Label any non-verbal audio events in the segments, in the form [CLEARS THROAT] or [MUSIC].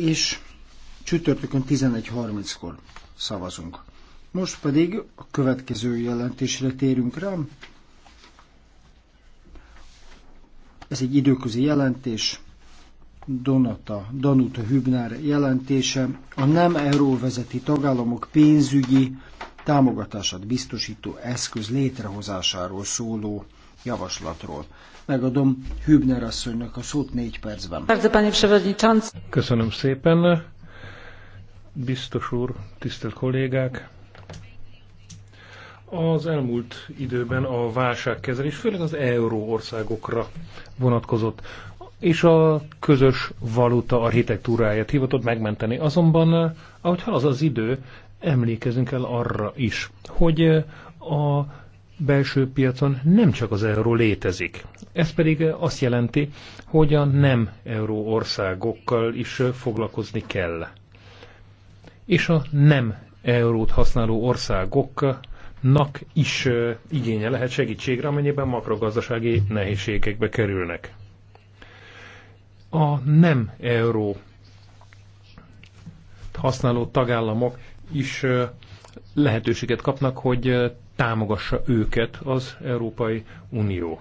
és csütörtökön 11.30-kor szavazunk. Most pedig a következő jelentésre térünk rá. Ez egy időközi jelentés, Donata, Danuta Hübner jelentése, a nem euróvezeti tagállamok pénzügyi támogatását biztosító eszköz létrehozásáról szóló javaslatról. Megadom Hübner asszonynak a szót négy percben. Köszönöm szépen. Biztos úr, tisztelt kollégák! Az elmúlt időben a válságkezelés főleg az euró országokra vonatkozott, és a közös valuta architektúráját hivatott megmenteni. Azonban, ahogy halad az idő, emlékezünk el arra is, hogy a belső piacon nem csak az euró létezik. Ez pedig azt jelenti, hogy a nem euró országokkal is foglalkozni kell. És a nem eurót használó országoknak is igénye lehet segítségre, amennyiben makrogazdasági nehézségekbe kerülnek. A nem euró használó tagállamok is lehetőséget kapnak, hogy támogassa őket az Európai Unió.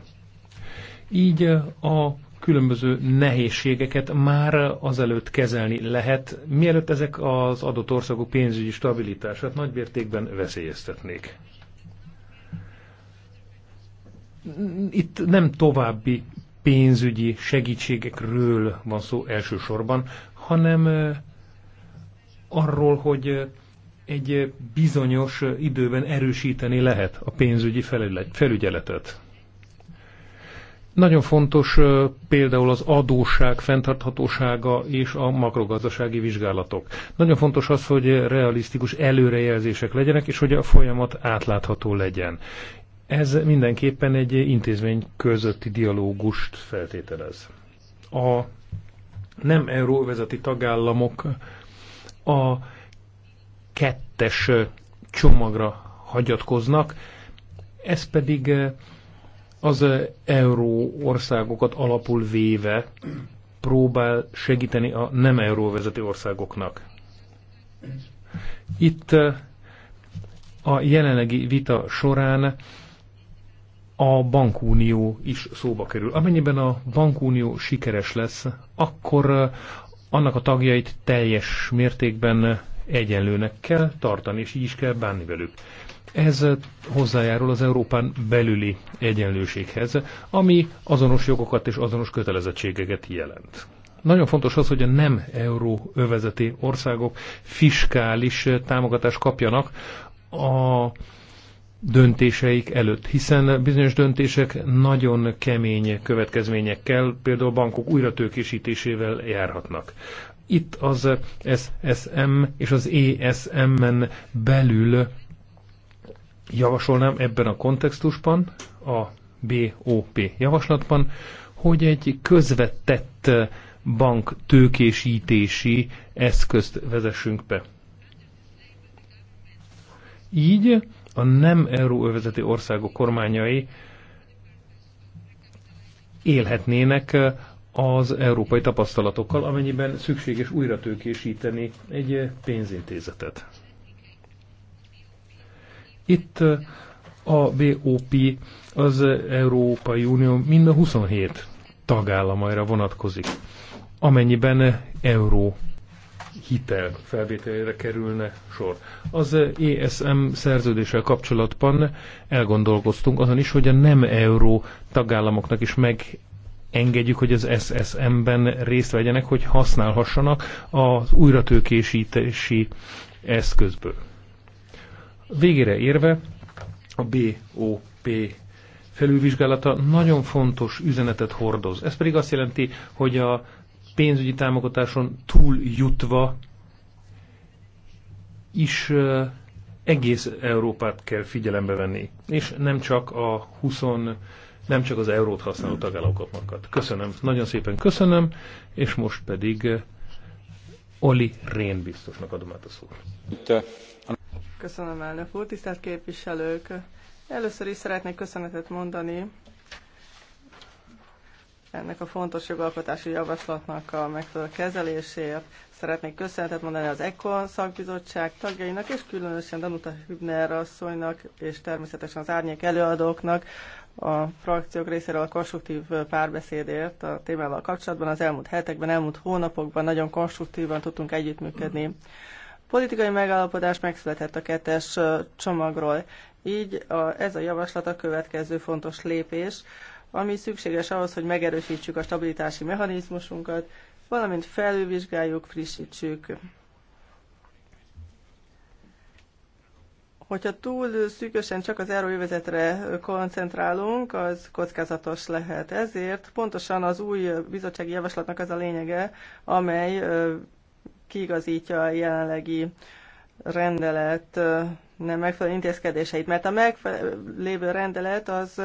Így eh, a különböző nehézségeket már azelőtt kezelni lehet, mielőtt ezek az adott országok pénzügyi stabilitását nagybértékben veszélyeztetnék. Itt nem további pénzügyi segítségekről van szó elsősorban, hanem eh, arról, hogy eh, egy eh, bizonyos eh, időben erősíteni lehet a pénzügyi felügyeletet. Nagyon fontos eh, például az adósság fenntarthatósága és a makrogazdasági vizsgálatok. Nagyon fontos az, hogy realisztikus előrejelzések legyenek, és hogy a folyamat átlátható legyen. Ez mindenképpen egy intézmény közötti dialógust feltételez. A nem euróvezeti tagállamok a kettes csomagra hagyatkoznak, ez pedig az euró országokat alapul véve próbál segíteni a nem euróvezető országoknak. Itt a jelenlegi vita során a bankunió is szóba kerül. Amennyiben a bankunió sikeres lesz, akkor annak a tagjait teljes mértékben egyenlőnek kell tartani, és így is kell bánni velük. Ez hozzájárul az Európán belüli egyenlőséghez, ami azonos jogokat és azonos kötelezettségeket jelent. Nagyon fontos az, hogy a nem euró övezeti országok fiskális támogatást kapjanak a döntéseik előtt, hiszen bizonyos döntések nagyon kemény következményekkel, például bankok újratőkésítésével járhatnak. Itt az SSM és az ESM-en belül javasolnám ebben a kontextusban, a BOP javaslatban, hogy egy közvetett bank tőkésítési eszközt vezessünk be. Így a nem euróövezeti országok kormányai élhetnének az európai tapasztalatokkal, amennyiben szükséges újra tőkésíteni egy pénzintézetet. Itt a BOP az Európai Unió mind a 27 tagállamaira vonatkozik, amennyiben euró hitel felvételére kerülne sor. Az ESM szerződéssel kapcsolatban elgondolkoztunk azon is, hogy a nem euró tagállamoknak is meg engedjük, hogy az SSM-ben részt vegyenek, hogy használhassanak az újratőkésítési eszközből. Végére érve a BOP felülvizsgálata nagyon fontos üzenetet hordoz. Ez pedig azt jelenti, hogy a pénzügyi támogatáson túl jutva is egész Európát kell figyelembe venni, és nem csak a 20 nem csak az eurót használó tagállamokat. Köszönöm, nagyon szépen köszönöm, és most pedig eh, Oli Rén biztosnak adom át a szót. Köszönöm, elnök úr, tisztelt képviselők! Először is szeretnék köszönetet mondani ennek a fontos jogalkotási javaslatnak a megfelelő kezelésért. Szeretnék köszönetet mondani az ECON szakbizottság tagjainak, és különösen Danuta Hübner asszonynak, és természetesen az árnyék előadóknak a frakciók részéről a konstruktív párbeszédért a témával kapcsolatban. Az elmúlt hetekben, elmúlt hónapokban nagyon konstruktívan tudtunk együttműködni. Politikai megállapodás megszületett a kettes csomagról. Így a, ez a javaslat a következő fontos lépés, ami szükséges ahhoz, hogy megerősítsük a stabilitási mechanizmusunkat, valamint felülvizsgáljuk, frissítsük Hogyha túl szűkösen csak az euróövezetre koncentrálunk, az kockázatos lehet. Ezért pontosan az új bizottsági javaslatnak az a lényege, amely kiigazítja a jelenlegi rendelet nem megfelelő intézkedéseit, mert a meglévő rendelet az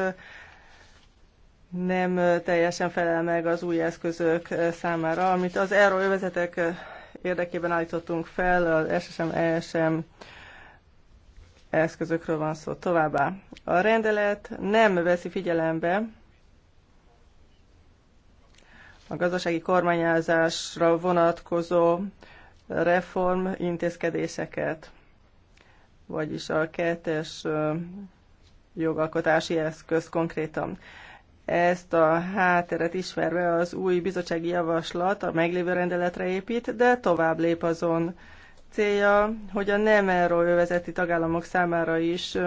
nem teljesen felel meg az új eszközök számára, amit az euróövezetek érdekében állítottunk fel, az SSM, ESM eszközökről van szó. Továbbá a rendelet nem veszi figyelembe a gazdasági kormányázásra vonatkozó reform intézkedéseket, vagyis a kettes jogalkotási eszköz konkrétan. Ezt a hátteret ismerve az új bizottsági javaslat a meglévő rendeletre épít, de tovább lép azon célja, hogy a nem euróövezeti tagállamok számára is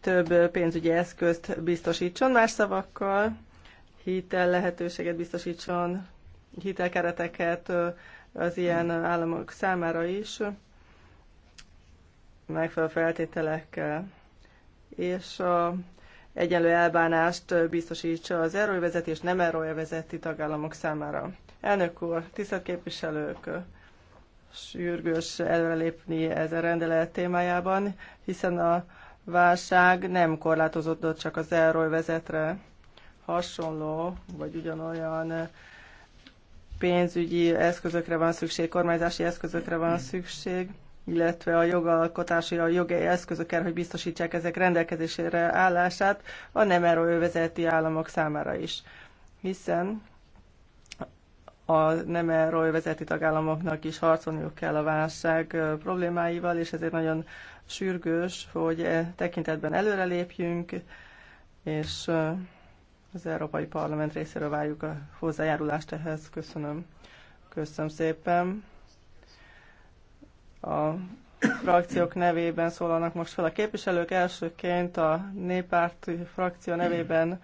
több pénzügyi eszközt biztosítson, más szavakkal hitel lehetőséget biztosítson, hitelkereteket az ilyen államok számára is, megfelelő feltételekkel, és a egyenlő elbánást biztosítsa az erővezeti és nem erővezeti tagállamok számára. Elnök úr, tisztelt képviselők, sürgős előrelépni a rendelet témájában, hiszen a válság nem korlátozódott csak az vezetre. Hasonló, vagy ugyanolyan pénzügyi eszközökre van szükség, kormányzási eszközökre van szükség, illetve a jogalkotási, a jogi eszközökkel, hogy biztosítsák ezek rendelkezésére állását a nem vezeti államok számára is. Hiszen a nem vezeti tagállamoknak is harcolniuk kell a válság problémáival, és ezért nagyon sürgős, hogy e tekintetben előrelépjünk, és az Európai Parlament részéről várjuk a hozzájárulást ehhez. Köszönöm. Köszönöm szépen. A frakciók nevében szólalnak most fel a képviselők. Elsőként a néppárti frakció nevében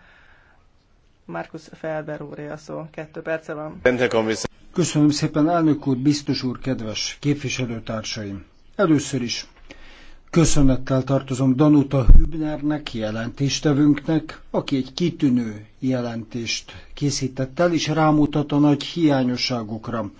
Markus Felber úré a szó. Kettő perce van. Köszönöm szépen, elnök úr, biztos úr, kedves képviselőtársaim. Először is köszönettel tartozom Danuta Hübnernek, jelentéstevőnknek, aki egy kitűnő jelentést készített el, és rámutat a nagy hiányosságokra,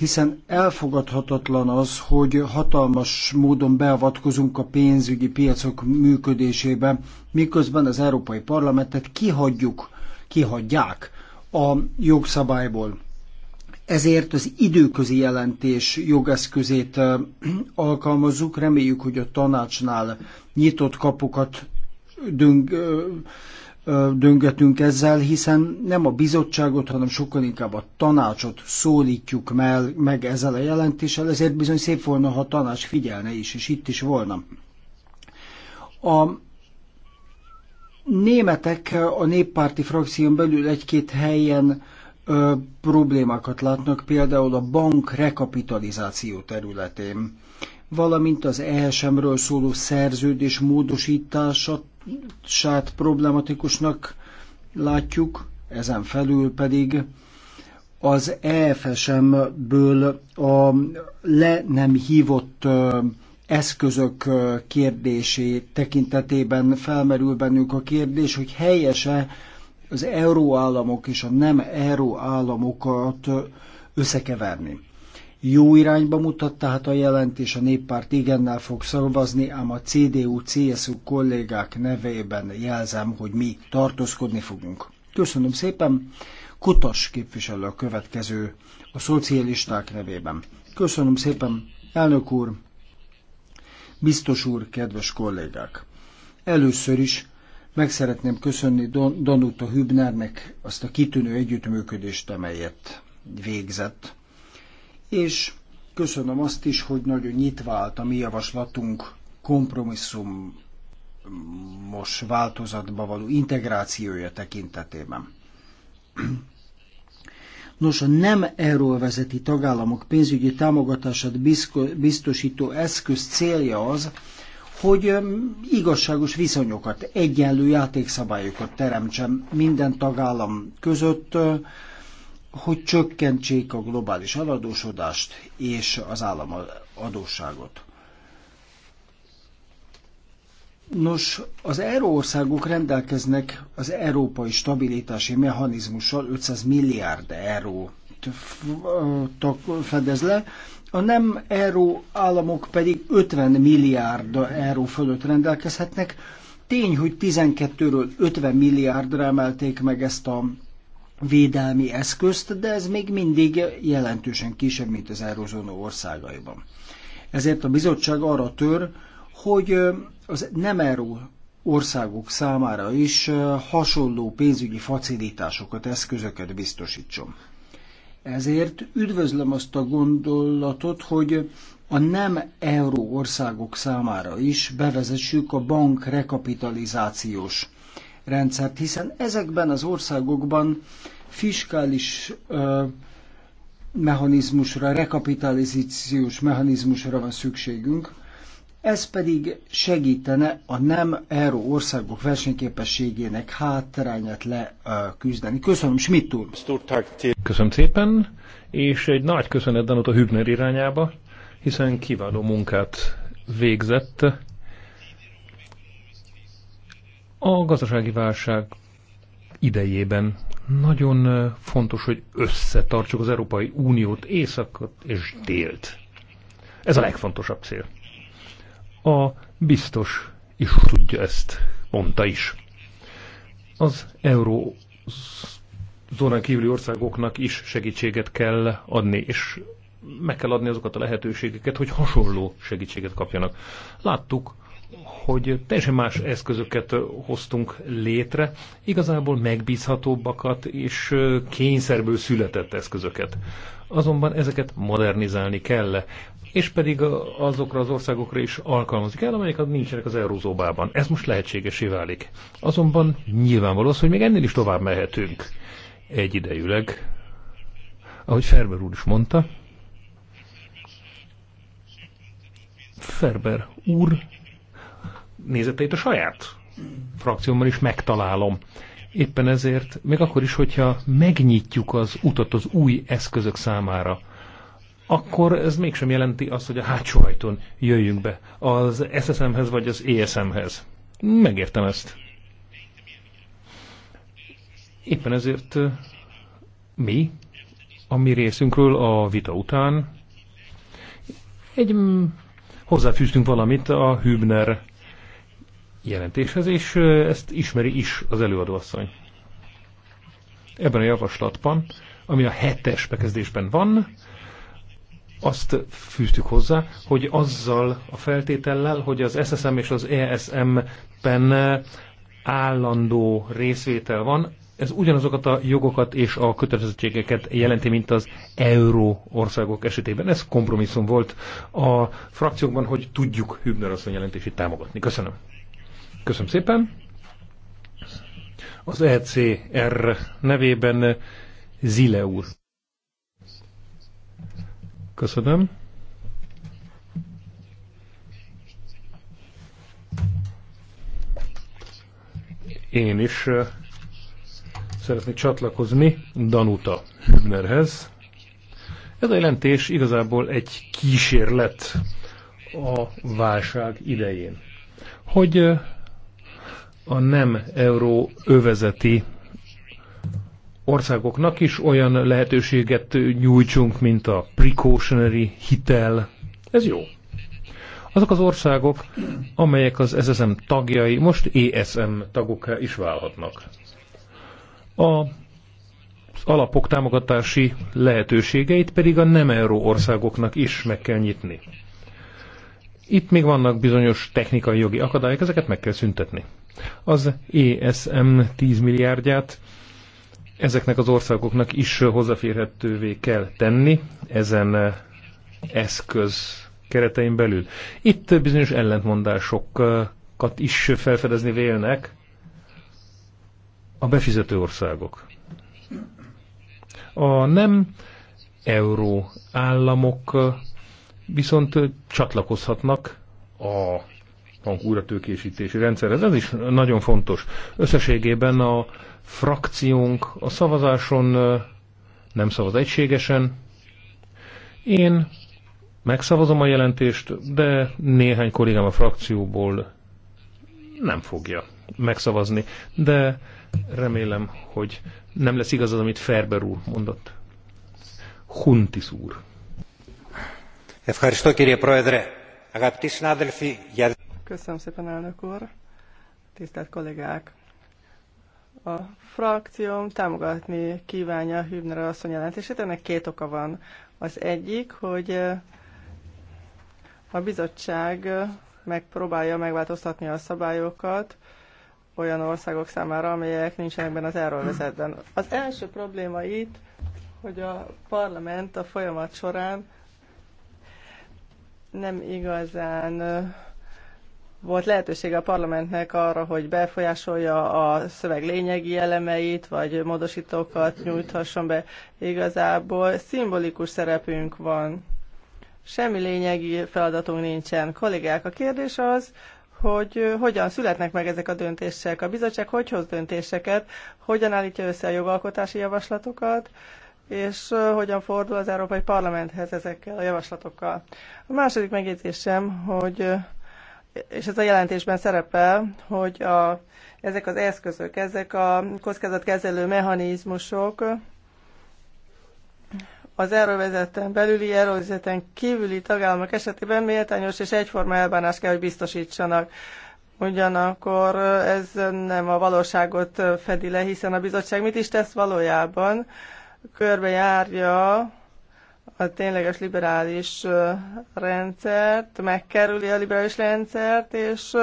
hiszen elfogadhatatlan az, hogy hatalmas módon beavatkozunk a pénzügyi piacok működésébe, miközben az Európai Parlamentet kihagyjuk, kihagyják a jogszabályból. Ezért az időközi jelentés jogeszközét alkalmazzuk, reméljük, hogy a tanácsnál nyitott kapukat döng, döngetünk ezzel, hiszen nem a bizottságot, hanem sokkal inkább a tanácsot szólítjuk meg, meg ezzel a jelentéssel, ezért bizony szép volna, ha a tanács figyelne is, és itt is volna. A németek a néppárti frakción belül egy-két helyen ö, problémákat látnak, például a bank rekapitalizáció területén, valamint az ESM-ről szóló szerződés módosítása sát problematikusnak látjuk, ezen felül pedig az EFSM-ből a le nem hívott eszközök kérdésé tekintetében felmerül bennünk a kérdés, hogy helyese az euróállamok és a nem euróállamokat összekeverni jó irányba mutat, tehát a jelentés a néppárt igennel fog szavazni, ám a CDU-CSU kollégák nevében jelzem, hogy mi tartózkodni fogunk. Köszönöm szépen. Kutas képviselő a következő a szocialisták nevében. Köszönöm szépen, elnök úr, biztos úr, kedves kollégák. Először is meg szeretném köszönni Don- Danuta Hübnernek azt a kitűnő együttműködést, amelyet végzett és köszönöm azt is, hogy nagyon nyitva a mi javaslatunk most változatba való integrációja tekintetében. Nos, a nem vezeti tagállamok pénzügyi támogatását biztosító eszköz célja az, hogy igazságos viszonyokat, egyenlő játékszabályokat teremtsen minden tagállam között, hogy csökkentsék a globális aladósodást és az államadósságot. Nos, az euróországok rendelkeznek az európai stabilitási mechanizmussal 500 milliárd euró fedez le, a nem euró államok pedig 50 milliárd euró fölött rendelkezhetnek. Tény, hogy 12-ről 50 milliárdra emelték meg ezt a védelmi eszközt, de ez még mindig jelentősen kisebb, mint az eurozóna országaiban. Ezért a bizottság arra tör, hogy az nem euró országok számára is hasonló pénzügyi facilitásokat, eszközöket biztosítson. Ezért üdvözlöm azt a gondolatot, hogy a nem euró országok számára is bevezessük a bank rekapitalizációs rendszert, hiszen ezekben az országokban fiskális ö, mechanizmusra, rekapitalizációs mechanizmusra van szükségünk, ez pedig segítene a nem euró országok versenyképességének hátrányát leküzdeni. Köszönöm, Schmidt úr! Köszönöm szépen, és egy nagy köszönet Danut a Hübner irányába, hiszen kiváló munkát végzett a gazdasági válság idejében nagyon fontos, hogy összetartsuk az Európai Uniót, északot és délt. Ez a legfontosabb cél. A biztos is tudja ezt, mondta is. Az euró zónán kívüli országoknak is segítséget kell adni, és meg kell adni azokat a lehetőségeket, hogy hasonló segítséget kapjanak. Láttuk, hogy teljesen más eszközöket hoztunk létre, igazából megbízhatóbbakat és kényszerből született eszközöket. Azonban ezeket modernizálni kell, és pedig azokra az országokra is alkalmazni kell, amelyek nincsenek az eurózóbában. Ez most lehetségesé válik. Azonban nyilvánvaló az, hogy még ennél is tovább mehetünk egyidejűleg. Ahogy Ferber úr is mondta, Ferber úr nézeteit a saját frakciómmal is megtalálom. Éppen ezért, még akkor is, hogyha megnyitjuk az utat az új eszközök számára, akkor ez mégsem jelenti azt, hogy a hátsó ajtón jöjjünk be az SSM-hez vagy az ESM-hez. Megértem ezt. Éppen ezért mi, a mi részünkről a vita után egy mm, hozzáfűztünk valamit a Hübner jelentéshez, és ezt ismeri is az előadóasszony. Ebben a javaslatban, ami a hetes bekezdésben van, azt fűztük hozzá, hogy azzal a feltétellel, hogy az SSM és az ESM-ben állandó részvétel van, ez ugyanazokat a jogokat és a kötelezettségeket jelenti, mint az euró országok esetében. Ez kompromisszum volt a frakciókban, hogy tudjuk Hübner asszony jelentését támogatni. Köszönöm. Köszönöm szépen. Az ECR nevében Zile úr. Köszönöm. Én is szeretnék csatlakozni Danuta Hübnerhez. Ez a jelentés igazából egy kísérlet a válság idején. Hogy a nem euró övezeti országoknak is olyan lehetőséget nyújtsunk, mint a precautionary hitel. Ez jó. Azok az országok, amelyek az SSM tagjai, most ESM tagok is válhatnak. A alapok támogatási lehetőségeit pedig a nem euró országoknak is meg kell nyitni. Itt még vannak bizonyos technikai jogi akadályok, ezeket meg kell szüntetni az ESM 10 milliárdját ezeknek az országoknak is hozzáférhetővé kell tenni ezen eszköz keretein belül. Itt bizonyos ellentmondásokat is felfedezni vélnek a befizető országok. A nem euró államok viszont csatlakozhatnak a újra tőkésítési rendszer Ez is nagyon fontos. Összességében a frakciónk a szavazáson nem szavaz egységesen. Én megszavazom a jelentést, de néhány kollégám a frakcióból nem fogja megszavazni. De remélem, hogy nem lesz igaz az, amit Ferber úr mondott. Huntis úr. Ευχαριστώ Köszönöm szépen, elnök úr. Tisztelt kollégák! A frakcióm támogatni kívánja Hübner asszony jelentését. Ennek két oka van. Az egyik, hogy eh, a bizottság eh, megpróbálja megváltoztatni a szabályokat olyan országok számára, amelyek nincsenek benne az elrólvezetben. Az első probléma itt, hogy a parlament a folyamat során nem igazán eh, volt lehetősége a parlamentnek arra, hogy befolyásolja a szöveg lényegi elemeit, vagy módosítókat nyújthasson be. Igazából szimbolikus szerepünk van. Semmi lényegi feladatunk nincsen. Kollégák, a kérdés az, hogy hogyan születnek meg ezek a döntések, a bizottság hogy hoz döntéseket, hogyan állítja össze a jogalkotási javaslatokat, és hogyan fordul az Európai Parlamenthez ezekkel a javaslatokkal. A második megjegyzésem, hogy és ez a jelentésben szerepel, hogy a, ezek az eszközök, ezek a kockázatkezelő mechanizmusok az erővezeten belüli, erővezeten kívüli tagállamok esetében méltányos és egyforma elbánást kell, hogy biztosítsanak. Ugyanakkor ez nem a valóságot fedi le, hiszen a bizottság mit is tesz valójában? Körbejárja a tényleges liberális rendszert, megkerüli a liberális rendszert, és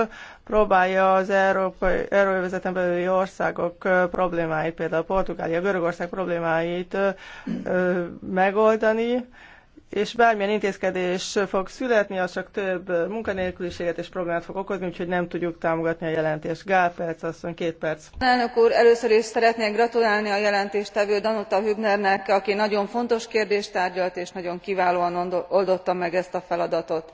próbálja az európai, euróvezeten belüli országok problémáit, például a Portugália, Görögország problémáit megoldani, és bármilyen intézkedés fog születni, az csak több munkanélküliséget és problémát fog okozni, úgyhogy nem tudjuk támogatni a jelentést. Gál Perc, asszony, két perc. Elnök úr, először is szeretnék gratulálni a jelentéstevő Danuta Hübnernek, aki nagyon fontos kérdést tárgyalt és nagyon kiválóan oldotta meg ezt a feladatot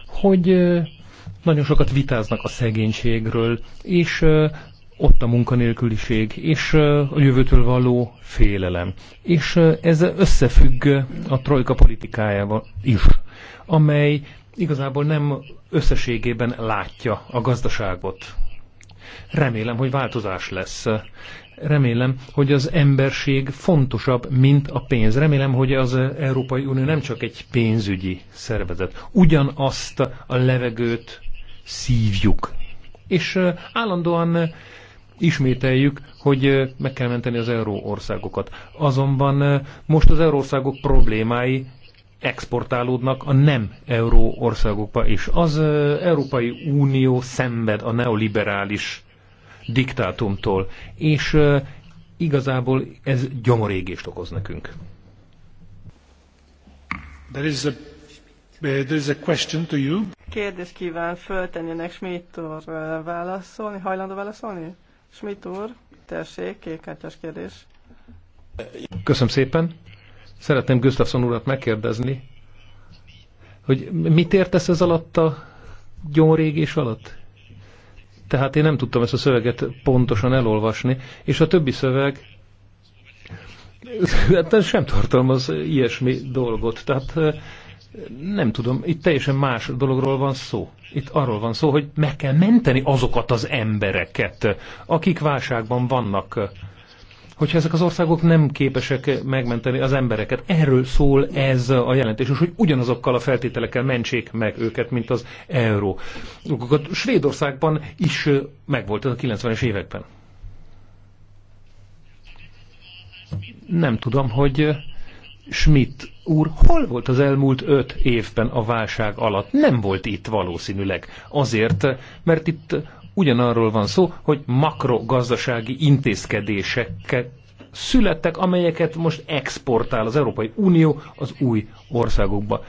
hogy nagyon sokat vitáznak a szegénységről, és ott a munkanélküliség, és a jövőtől való félelem. És ez összefügg a trojka politikájával is, amely igazából nem összességében látja a gazdaságot. Remélem, hogy változás lesz, remélem, hogy az emberség fontosabb, mint a pénz. Remélem, hogy az Európai Unió nem csak egy pénzügyi szervezet. Ugyanazt a levegőt szívjuk. És állandóan ismételjük, hogy meg kell menteni az euró országokat. Azonban most az euró országok problémái exportálódnak a nem euró országokba is. Az Európai Unió szenved a neoliberális diktátumtól, és igazából ez gyomorégést okoz nekünk. There is a, eh, there is a question to you. Kérdés kíván föltenni nek Schmidt úr válaszolni, hajlandó válaszolni? Schmidt úr, tessék, kékkártyás kérdés. Köszönöm szépen. Szeretném Gustafsson urat megkérdezni, hogy mit értesz ez alatt a gyomorégés alatt? Tehát én nem tudtam ezt a szöveget pontosan elolvasni, és a többi szöveg hát sem tartalmaz ilyesmi dolgot. Tehát nem tudom, itt teljesen más dologról van szó. Itt arról van szó, hogy meg kell menteni azokat az embereket, akik válságban vannak hogyha ezek az országok nem képesek megmenteni az embereket. Erről szól ez a jelentés, és hogy ugyanazokkal a feltételekkel mentsék meg őket, mint az euró. Svédországban is megvolt ez a 90-es években. Nem tudom, hogy Schmidt úr hol volt az elmúlt öt évben a válság alatt? Nem volt itt valószínűleg. Azért, mert itt ugyanarról van szó, hogy makrogazdasági intézkedésekkel születtek, amelyeket most exportál az Európai Unió az új országokba.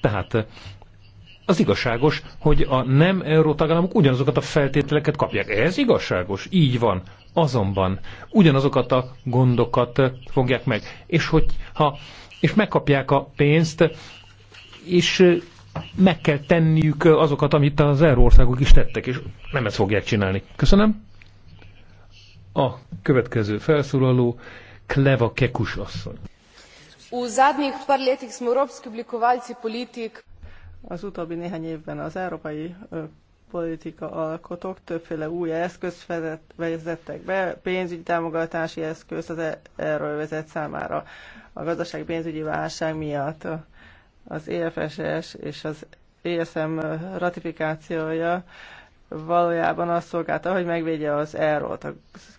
Tehát eh, az igazságos, hogy a nem euró tagállamok ugyanazokat a feltételeket kapják. Ez igazságos, így van. Azonban ugyanazokat a gondokat eh, fogják meg. És, hogy, ha, és megkapják a pénzt, eh, és meg kell tenniük azokat, amit az erőországok is tettek, és nem ezt fogják csinálni. Köszönöm. A következő felszólaló Kleva Kekus asszony. politik. Az utóbbi néhány évben az európai politika alkotók többféle új eszközt vezettek be, pénzügyi támogatási eszköz az e- erővezet számára a gazdaság pénzügyi válság miatt az EFSS és az ESM ratifikációja valójában azt szolgálta, hogy megvédje az ero A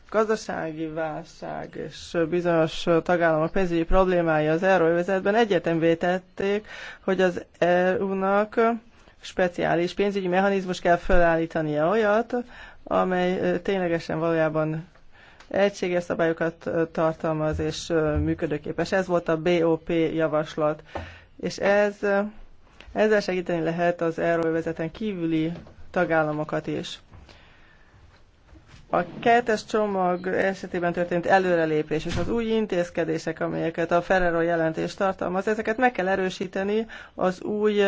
gazdasági válság és bizonyos tagállamok pénzügyi problémái az ERO övezetben egyetemvé tették, hogy az EU-nak speciális pénzügyi mechanizmus kell felállítania olyat, amely ténylegesen valójában egységes szabályokat tartalmaz és működőképes. Ez volt a BOP javaslat és ez, ezzel segíteni lehet az euróvezeten kívüli tagállamokat is. A kettes csomag esetében történt előrelépés és az új intézkedések, amelyeket a Ferrero jelentés tartalmaz, ezeket meg kell erősíteni az új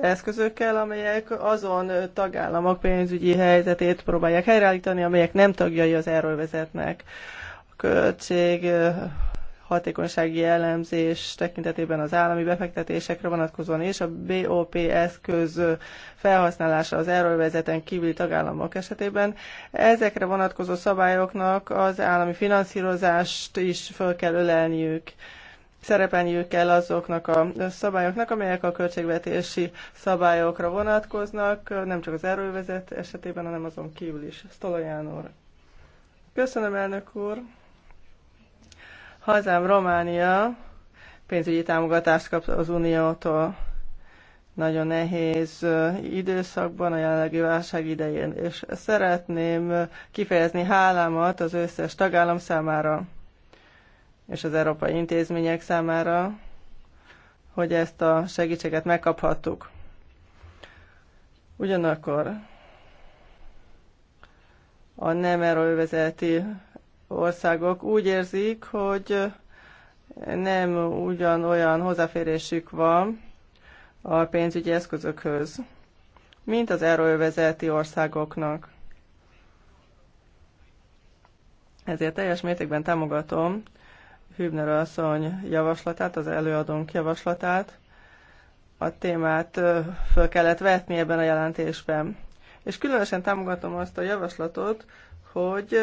eszközökkel, amelyek azon tagállamok pénzügyi helyzetét próbálják helyreállítani, amelyek nem tagjai az erről vezetnek. A költség hatékonysági jellemzés tekintetében az állami befektetésekre vonatkozóan és a BOP eszköz felhasználása az vezeten kívüli tagállamok esetében. Ezekre vonatkozó szabályoknak az állami finanszírozást is föl kell ölelniük szerepelniük kell azoknak a szabályoknak, amelyek a költségvetési szabályokra vonatkoznak, nem csak az erővezet esetében, hanem azon kívül is. Sztolajánor. Köszönöm, elnök úr! Hazám Románia pénzügyi támogatást kap az Uniótól. Nagyon nehéz időszakban, a jelenlegi válság idején, és szeretném kifejezni hálámat az összes tagállam számára és az európai intézmények számára, hogy ezt a segítséget megkaphattuk. Ugyanakkor a nem erővezeti országok úgy érzik, hogy nem ugyanolyan hozzáférésük van a pénzügyi eszközökhöz, mint az euróövezeti országoknak. Ezért teljes mértékben támogatom Hübner asszony javaslatát, az előadónk javaslatát. A témát föl kellett vetni ebben a jelentésben. És különösen támogatom azt a javaslatot, hogy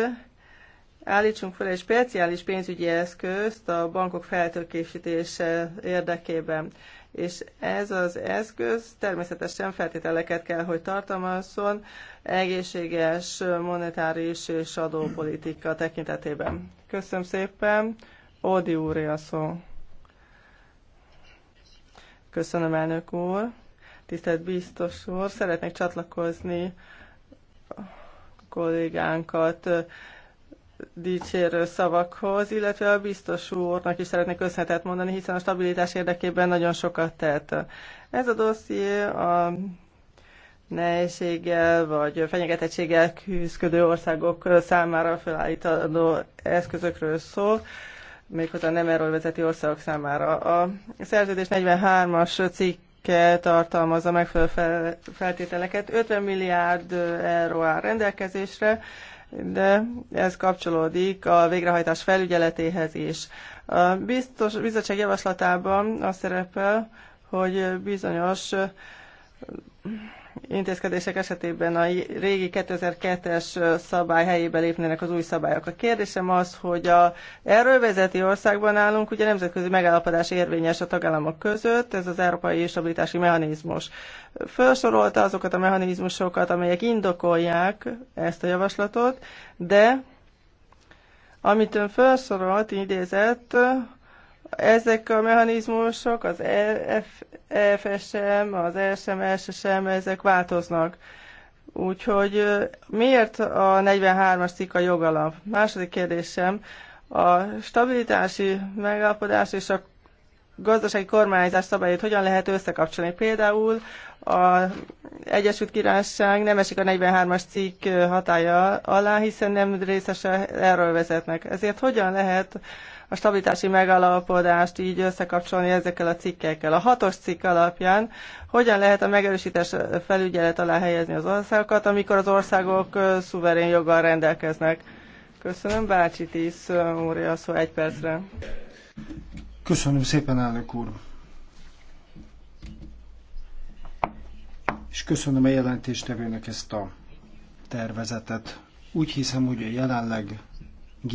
állítsunk fel egy speciális pénzügyi eszközt a bankok feltörkésítése érdekében. És ez az eszköz természetesen feltételeket kell, hogy tartalmazzon egészséges monetáris és adópolitika tekintetében. Köszönöm szépen. Ódi úr a szó. Köszönöm, elnök úr. Tisztelt biztos úr, szeretnék csatlakozni kollégánkat dicsérő szavakhoz, illetve a biztos úrnak is szeretnék köszönetet mondani, hiszen a stabilitás érdekében nagyon sokat tett. Ez a dosszié a nehézséggel vagy fenyegetettséggel küzdő országok számára felállítandó eszközökről szól méghozzá nem erről vezeti országok számára. A szerződés 43-as cikke tartalmazza megfelelő feltételeket. 50 milliárd euró áll rendelkezésre, de ez kapcsolódik a végrehajtás felügyeletéhez is. A biztos, bizottság javaslatában az szerepel, hogy bizonyos intézkedések esetében a régi 2002-es szabály helyébe lépnének az új szabályok. A kérdésem az, hogy a vezeti országban állunk, ugye nemzetközi megállapodás érvényes a tagállamok között, ez az európai stabilitási mechanizmus. Felsorolta azokat a mechanizmusokat, amelyek indokolják ezt a javaslatot, de amit ön felsorolt, idézett, ezek a mechanizmusok, az e FSM, e az ESM, SSM, ezek változnak. Úgyhogy miért a 43-as cikk a jogalap? Második kérdésem, a stabilitási megállapodás és a gazdasági kormányzás szabályait hogyan lehet összekapcsolni? Például az Egyesült Királyság nem esik a 43-as cikk hatája alá, hiszen nem részese erről vezetnek. Ezért hogyan lehet a stabilitási megállapodást így összekapcsolni ezekkel a cikkekkel. A hatos cikk alapján hogyan lehet a megerősítés felügyelet alá helyezni az országokat, amikor az országok szuverén joggal rendelkeznek. Köszönöm, Bácsi Tisz úr, a szó egy percre. Köszönöm szépen, elnök úr. És köszönöm a jelentéstevőnek ezt a tervezetet. Úgy hiszem, hogy a jelenleg G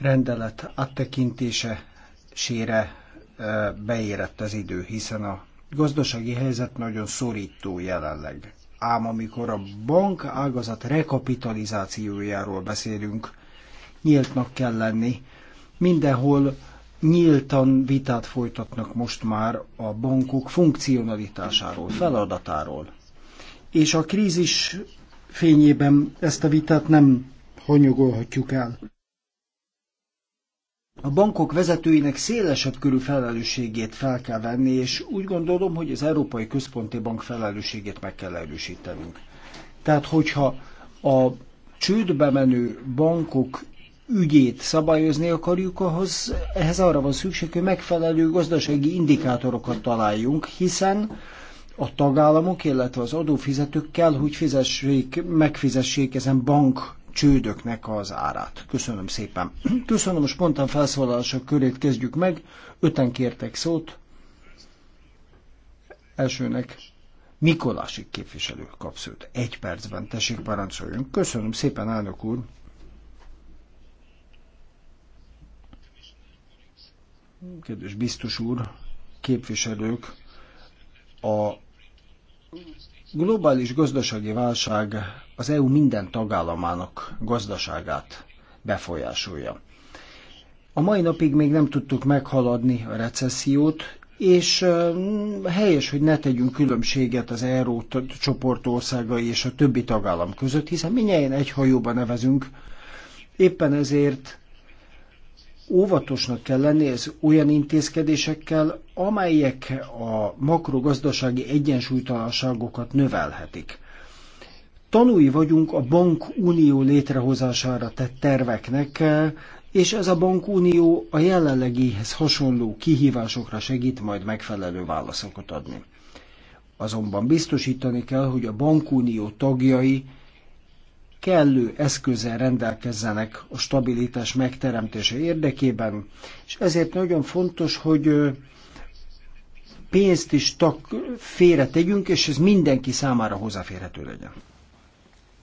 rendelet áttekintése sére beérett az idő, hiszen a gazdasági helyzet nagyon szorító jelenleg. Ám amikor a bank ágazat rekapitalizációjáról beszélünk, nyíltnak kell lenni. Mindenhol nyíltan vitát folytatnak most már a bankok funkcionalitásáról, feladatáról. És a krízis fényében ezt a vitát nem hanyagolhatjuk el a bankok vezetőinek szélesebb körű felelősségét fel kell venni, és úgy gondolom, hogy az Európai Központi Bank felelősségét meg kell erősítenünk. Tehát, hogyha a csődbe menő bankok ügyét szabályozni akarjuk, ahhoz, ehhez arra van szükség, hogy megfelelő gazdasági indikátorokat találjunk, hiszen a tagállamok, illetve az adófizetők kell, hogy fizessék, megfizessék ezen bank csődöknek az árát. Köszönöm szépen. [CLEARS THROAT] Köszönöm, a spontán felszólalások körét kezdjük meg. Öten kértek szót. Elsőnek Mikolásik képviselő kap szót. Egy percben tessék parancsoljunk. Köszönöm szépen, elnök úr. Kedves biztos úr, képviselők, a globális gazdasági válság az EU minden tagállamának gazdaságát befolyásolja. A mai napig még nem tudtuk meghaladni a recessziót, és helyes, hogy ne tegyünk különbséget az Euró csoport országai és a többi tagállam között, hiszen minnyáján egy hajóba nevezünk. Éppen ezért óvatosnak kell lenni ez olyan intézkedésekkel, amelyek a makrogazdasági egyensúlytalanságokat növelhetik. Tanúi vagyunk a bankunió létrehozására tett terveknek, és ez a bankunió a jelenlegihez hasonló kihívásokra segít majd megfelelő válaszokat adni. Azonban biztosítani kell, hogy a bankunió tagjai kellő eszközzel rendelkezzenek a stabilitás megteremtése érdekében, és ezért nagyon fontos, hogy pénzt is tak, félre tegyünk, és ez mindenki számára hozzáférhető legyen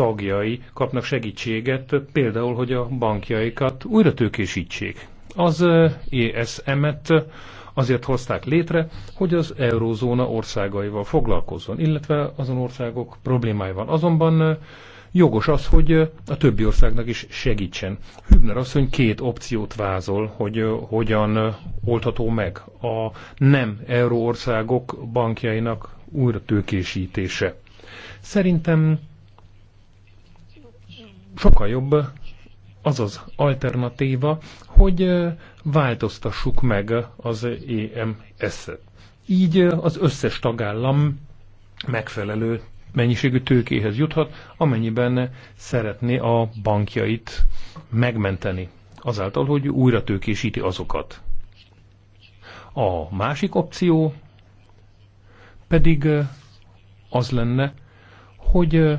tagjai kapnak segítséget, például, hogy a bankjaikat újra tőkésítsék. Az ESM-et azért hozták létre, hogy az eurózóna országaival foglalkozzon, illetve azon országok problémáival. Azonban jogos az, hogy a többi országnak is segítsen. Hübner asszony két opciót vázol, hogy hogyan oldható meg a nem euró országok bankjainak újra tőkésítése. Szerintem sokkal jobb az az alternatíva, hogy változtassuk meg az EMS-et. Így az összes tagállam megfelelő mennyiségű tőkéhez juthat, amennyiben szeretné a bankjait megmenteni, azáltal, hogy újra tőkésíti azokat. A másik opció pedig az lenne, hogy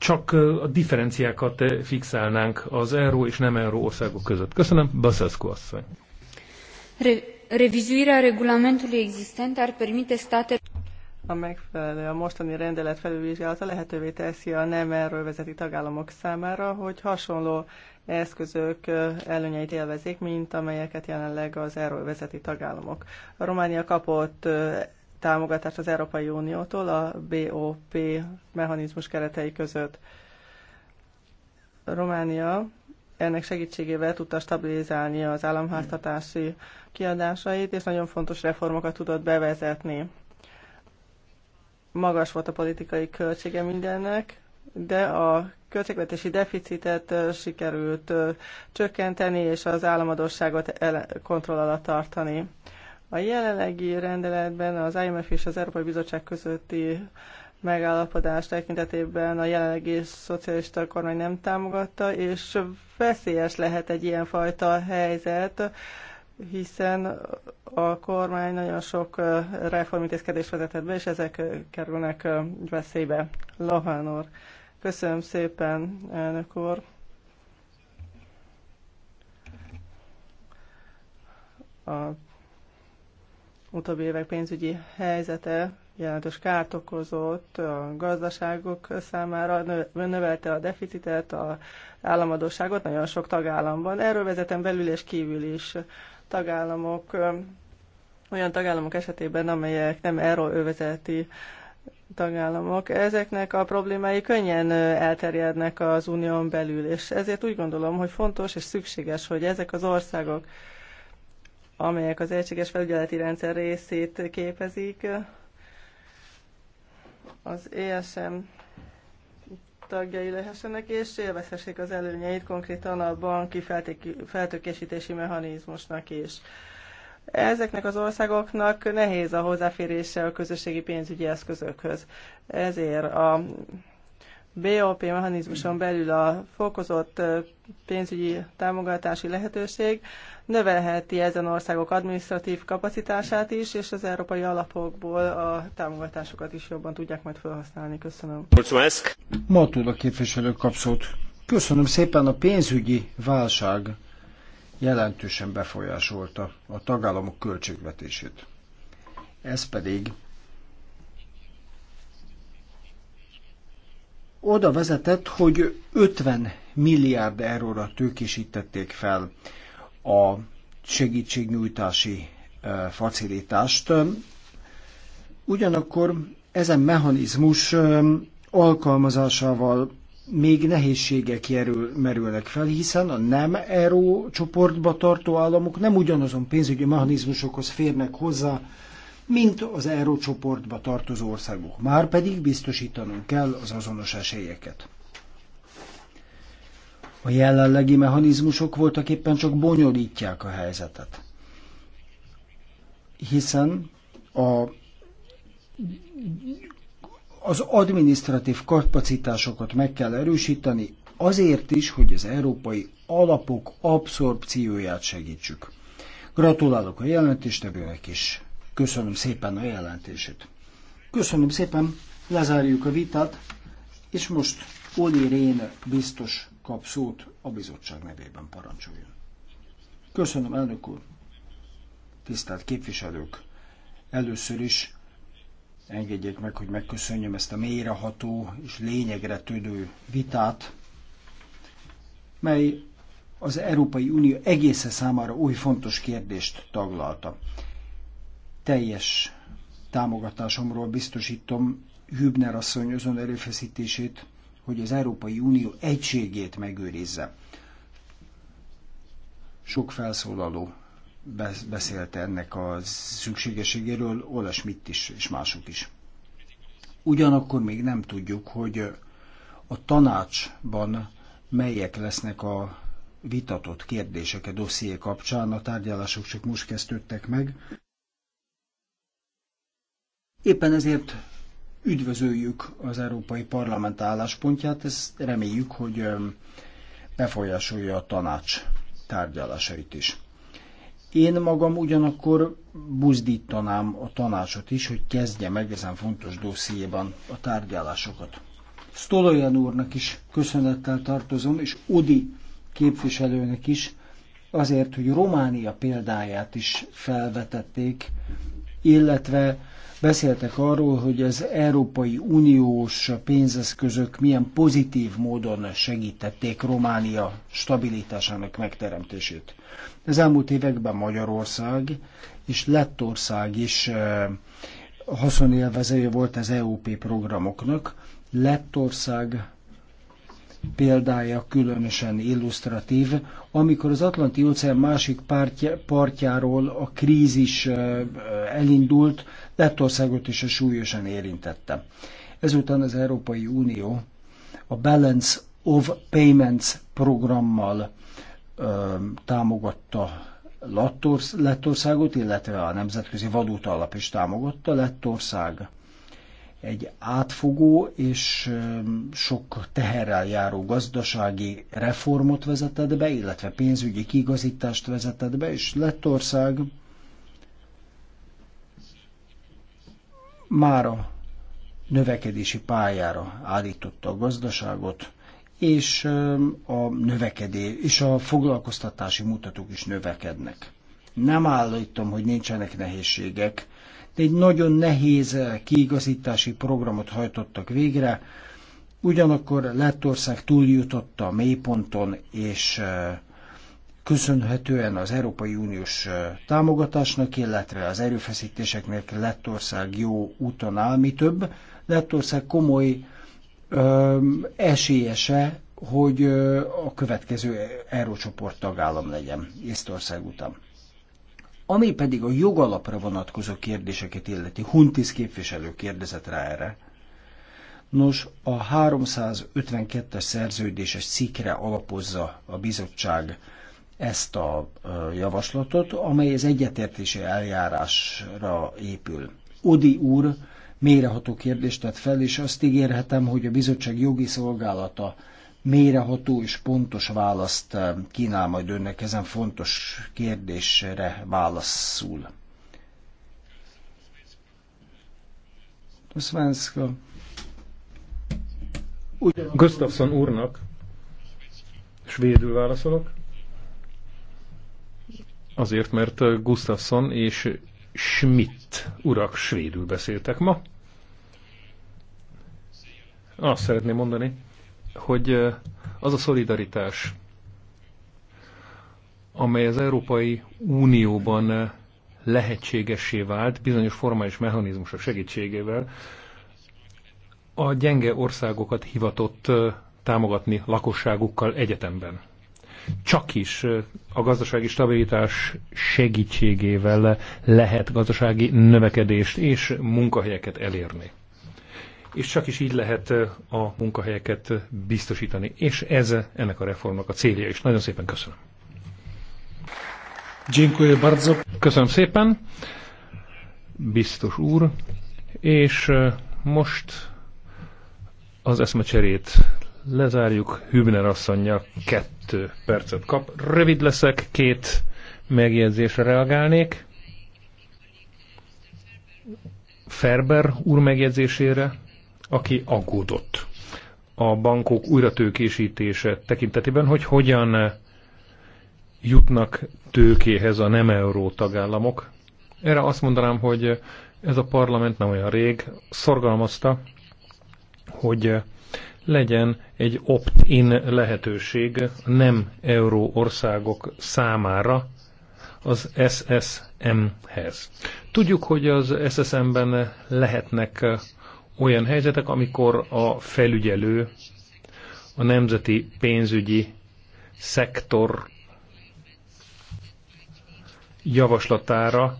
csak a differenciákat fixálnánk az euró és nem euró országok között. Köszönöm, Baszeszko asszony. Re- revizuirea regulamentului existent ar permite state... A megfelelő, a mostani rendelet felülvizsgálata lehetővé teszi a nem erről vezeti tagállamok számára, hogy hasonló eszközök előnyeit élvezik, mint amelyeket jelenleg az erről vezeti tagállamok. A Románia kapott támogatást az Európai Uniótól a BOP mechanizmus keretei között. Románia ennek segítségével tudta stabilizálni az államháztartási kiadásait, és nagyon fontos reformokat tudott bevezetni. Magas volt a politikai költsége mindennek, de a költségvetési deficitet sikerült csökkenteni, és az államadóságot kontroll alatt tartani. A jelenlegi rendeletben az IMF és az Európai Bizottság közötti megállapodás tekintetében a jelenlegi szocialista kormány nem támogatta, és veszélyes lehet egy ilyenfajta helyzet, hiszen a kormány nagyon sok reformintézkedés vezetett be, és ezek kerülnek veszélybe. Lohanor. Köszönöm szépen, elnök úr. A utóbbi évek pénzügyi helyzete jelentős kárt okozott a gazdaságok számára, növelte a deficitet, a államadóságot nagyon sok tagállamban. Erről vezetem belül és kívül is tagállamok, olyan tagállamok esetében, amelyek nem erről övezeti tagállamok. Ezeknek a problémái könnyen elterjednek az unión belül, és ezért úgy gondolom, hogy fontos és szükséges, hogy ezek az országok amelyek az egységes felügyeleti rendszer részét képezik. Az ESM tagjai lehessenek, és élvezhessék az előnyeit konkrétan a banki feltökésítési mechanizmusnak is. Ezeknek az országoknak nehéz a hozzáférése a közösségi pénzügyi eszközökhöz. Ezért a BOP mechanizmuson belül a fokozott pénzügyi támogatási lehetőség növelheti ezen országok administratív kapacitását is, és az európai alapokból a támogatásokat is jobban tudják majd felhasználni. Köszönöm. tud a képviselő kapszót. Köszönöm szépen a pénzügyi válság jelentősen befolyásolta a tagállamok költségvetését. Ez pedig oda vezetett, hogy 50 milliárd euróra tőkésítették fel a segítségnyújtási facilitást. Ugyanakkor ezen mechanizmus alkalmazásával még nehézségek jelül, merülnek fel, hiszen a nem euró csoportba tartó államok nem ugyanazon pénzügyi mechanizmusokhoz férnek hozzá, mint az eurócsoportba tartozó országok. Már pedig biztosítanunk kell az azonos esélyeket. A jelenlegi mechanizmusok voltak éppen csak bonyolítják a helyzetet. Hiszen a, az administratív kapacitásokat meg kell erősíteni, azért is, hogy az európai alapok abszorpcióját segítsük. Gratulálok a jelentéstevőnek is, Köszönöm szépen a jelentését. Köszönöm szépen, lezárjuk a vitát, és most Oli Rén biztos kap szót a bizottság nevében parancsoljon. Köszönöm, elnök úr. Tisztelt képviselők, először is engedjék meg, hogy megköszönjem ezt a mélyreható és lényegre tüdő vitát, mely az Európai Unió egészen számára új fontos kérdést taglalta. Teljes támogatásomról biztosítom Hübner asszony azon erőfeszítését, hogy az Európai Unió egységét megőrizze. Sok felszólaló beszélte ennek a szükségességéről, Ola Schmidt is, és mások is. Ugyanakkor még nem tudjuk, hogy a tanácsban melyek lesznek a vitatott kérdések a dosszié kapcsán, a tárgyalások csak most kezdődtek meg, Éppen ezért üdvözöljük az Európai Parlament álláspontját, ezt reméljük, hogy befolyásolja a tanács tárgyalásait is. Én magam ugyanakkor buzdítanám a tanácsot is, hogy kezdje meg ezen fontos dossziéban a tárgyalásokat. Stolojan úrnak is köszönettel tartozom, és Udi képviselőnek is, azért, hogy Románia példáját is felvetették, illetve Beszéltek arról, hogy az Európai Uniós pénzeszközök milyen pozitív módon segítették Románia stabilitásának megteremtését. Az elmúlt években Magyarország és Lettország is eh, haszonélvezője volt az EUP programoknak. Lettország példája különösen illusztratív, amikor az Atlanti óceán másik pártja, partjáról a krízis elindult, Lettországot is súlyosan érintette. Ezután az Európai Unió a Balance of Payments programmal ö, támogatta Lettországot, illetve a Nemzetközi Valuta Alap is támogatta Lettország egy átfogó és sok teherrel járó gazdasági reformot vezetett be, illetve pénzügyi kigazítást vezetett be, és Lettország mára növekedési pályára állította a gazdaságot, és a növekedés és a foglalkoztatási mutatók is növekednek. Nem állítom, hogy nincsenek nehézségek, egy nagyon nehéz kiigazítási programot hajtottak végre, ugyanakkor Lettország túljutott a mélyponton, és köszönhetően az Európai Uniós támogatásnak, illetve az erőfeszítéseknek Lettország jó úton áll, mi több. Lettország komoly ö, esélyese, hogy ö, a következő Eurócsoport tagállam legyen Észtország után. Ami pedig a jogalapra vonatkozó kérdéseket illeti, Huntis képviselő kérdezett rá erre. Nos, a 352-es szerződéses cikkre alapozza a bizottság ezt a javaslatot, amely az egyetértési eljárásra épül. Odi úr mélyreható kérdést tett fel, és azt ígérhetem, hogy a bizottság jogi szolgálata méreható és pontos választ eh, kínál majd önnek ezen fontos kérdésre válaszul. Gustafsson úrnak svédül válaszolok. Azért, mert eh, Gustafsson és Schmidt urak svédül beszéltek ma. Azt szeretném mondani, hogy az a szolidaritás, amely az Európai Unióban lehetségessé vált bizonyos formális mechanizmusok segítségével, a gyenge országokat hivatott támogatni lakosságukkal egyetemben. Csak is a gazdasági stabilitás segítségével lehet gazdasági növekedést és munkahelyeket elérni és csak is így lehet a munkahelyeket biztosítani. És ez ennek a reformnak a célja is. Nagyon szépen köszönöm. Köszönöm szépen, biztos úr, és most az eszmecserét lezárjuk. Hübner asszonya kettő percet kap. Rövid leszek, két megjegyzésre reagálnék. Ferber úr megjegyzésére aki aggódott a bankok újratőkésítése tekintetében, hogy hogyan jutnak tőkéhez a nem euró tagállamok. Erre azt mondanám, hogy ez a parlament nem olyan rég szorgalmazta, hogy legyen egy opt-in lehetőség a nem euró országok számára az SSM-hez. Tudjuk, hogy az SSM-ben lehetnek olyan helyzetek, amikor a felügyelő a nemzeti pénzügyi szektor javaslatára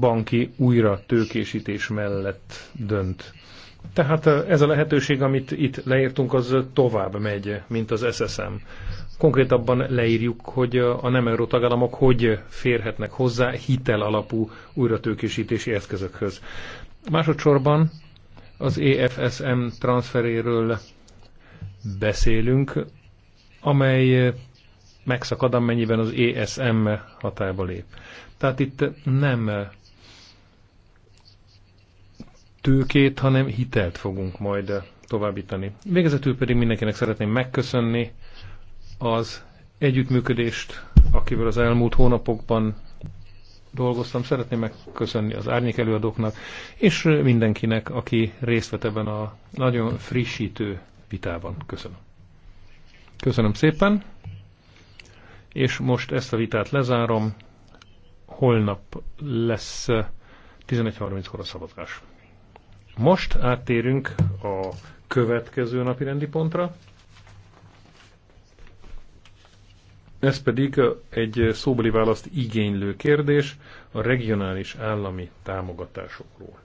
banki újra tőkésítés mellett dönt. Tehát eh, ez a lehetőség, amit itt leírtunk, az tovább megy, mint az SSM konkrétabban leírjuk, hogy a nem euró tagállamok hogy férhetnek hozzá hitel alapú újratőkésítési eszközökhöz. Másodszorban az EFSM transferéről beszélünk, amely megszakad, amennyiben az ESM hatályba lép. Tehát itt nem tőkét, hanem hitelt fogunk majd továbbítani. Végezetül pedig mindenkinek szeretném megköszönni az együttműködést, akivel az elmúlt hónapokban dolgoztam. Szeretném megköszönni az árnyék előadóknak, és mindenkinek, aki részt vett ebben a nagyon frissítő vitában. Köszönöm. Köszönöm szépen, és most ezt a vitát lezárom. Holnap lesz 11.30-kor a szabadkás. Most áttérünk a következő napi rendi pontra. Ez pedig egy szóbeli választ igénylő kérdés a regionális állami támogatásokról.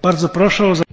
Bardzo proszę